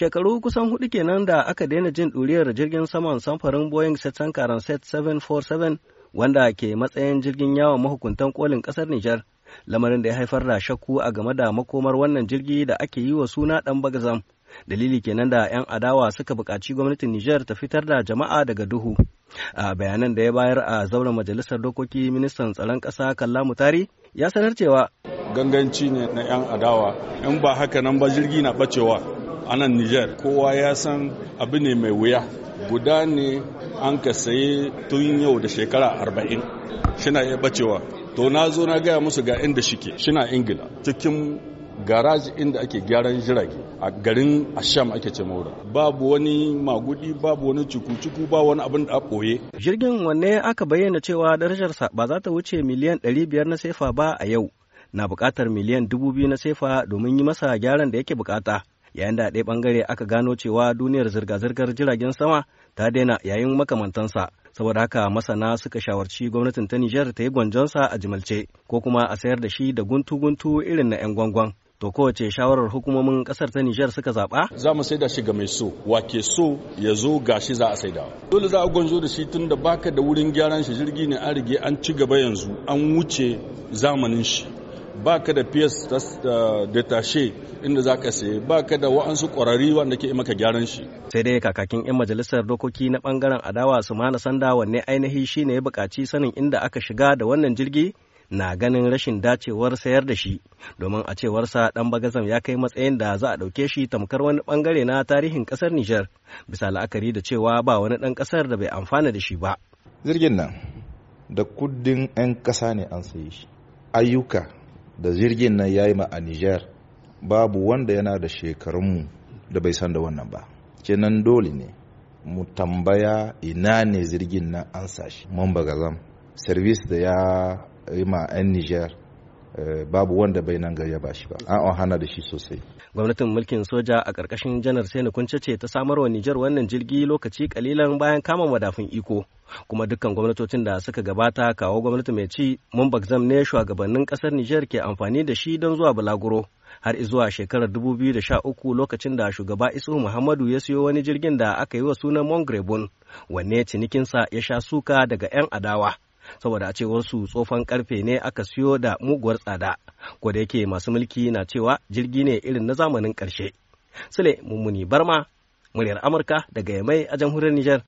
Shekaru kusan hudu kenan da aka daina jin ɗuriyar jirgin saman samfarin Boeing Setsankaran Set 747 wanda ke matsayin jirgin yawon mahukuntan kolin ƙasar Nijar, lamarin da ya haifar da shakku a game da makomar wannan jirgi da ake yi wa suna ɗan bagazam. Dalili kenan da 'yan adawa suka buƙaci gwamnatin Nijar ta fitar da jama'a daga duhu. A bayanan da ya bayar a zauren majalisar dokoki ministan tsaron ƙasa Kalla Mutari ya sanar cewa ganganci ne na 'yan adawa in ba haka nan ba jirgi na bacewa anan nan Nijar kowa ya san abu ne mai wuya guda ne an ka saye tun yau da shekara arba'in shina iya bacewa to na zo na gaya musu ga inda shike shina ingila cikin garaji inda ake gyaran jirage a garin asham ake ce maura babu wani magudi babu wani cuku-cuku ba wani abin da a koye. jirgin wanne aka bayyana cewa darajarsa ba za ta wuce miliyan 500 na sefa ba a yau na bukatar miliyan dubu na sefa domin yi masa gyaran da yake bukata yayin da ɗaya ɓangare aka gano cewa duniyar zirga-zirgar jiragen sama ta daina yayin makamantansa saboda haka masana suka shawarci gwamnatin ta Nijar ta yi gwanjonsa a jimalce ko kuma a sayar da shi da guntu-guntu irin na 'yan gwangwan. To kowace shawarar hukumomin kasar ta Nijar suka zaɓa? Za mu saida shi ga mai so, wake so ya zo gashi za a saida. Dole za a gwanzo da shi tun da baka da wurin gyaran shi jirgi ne an rige an ci gaba yanzu an wuce zamanin shi. ba ka da da tashe inda za ka saye ba ka da wa'ansu ƙwararri wanda ke maka gyaran shi. sai dai kakakin 'yan majalisar dokoki na bangaren adawa su mana sanda wanne ainihi shine ya buƙaci sanin inda aka shiga da wannan jirgi na ganin rashin dacewar sayar da shi domin a cewar sa dan bagazam ya kai matsayin da za a ɗauke shi tamkar wani bangare na tarihin ƙasar Nijar bisa la'akari da cewa ba wani ɗan ƙasar da bai amfana da shi ba. Jirgin nan da kuddin 'yan ƙasa ne an sayi shi ayyuka da jirgin nan ya yi ma a Nijar babu wanda yana da shekarunmu da bai san da wannan ba. Kenan dole ne mu tambaya ina ne zirgin nan an sashi. Mun bagazam, service da ya yi ma 'yan Nijar Eh, babu wanda bai nan gari ya bashi ba an hana da shi sosai gwamnatin mulkin soja a ƙarƙashin janar sai na kunce ce ta samar wa nijar wannan jirgi lokaci kalilan bayan kama madafin iko kuma dukkan gwamnatocin da suka gabata kawo gwamnati mai ci mun bagzam ne shugabannin ƙasar nijar ke amfani da shi don zuwa bulaguro har zuwa shekarar dubu biyu da sha uku lokacin da shugaba isu muhammadu ya siyo wani jirgin da aka yi wa sunan mongrebon wanne cinikinsa ya sha suka daga 'yan adawa saboda a cewar su tsofan karfe ne aka siyo da muguwar tsada ko da yake masu mulki na cewa jirgi ne irin na zamanin ƙarshe sule mummuni barma muryar amurka daga yamai a jamhuriyar Nijar?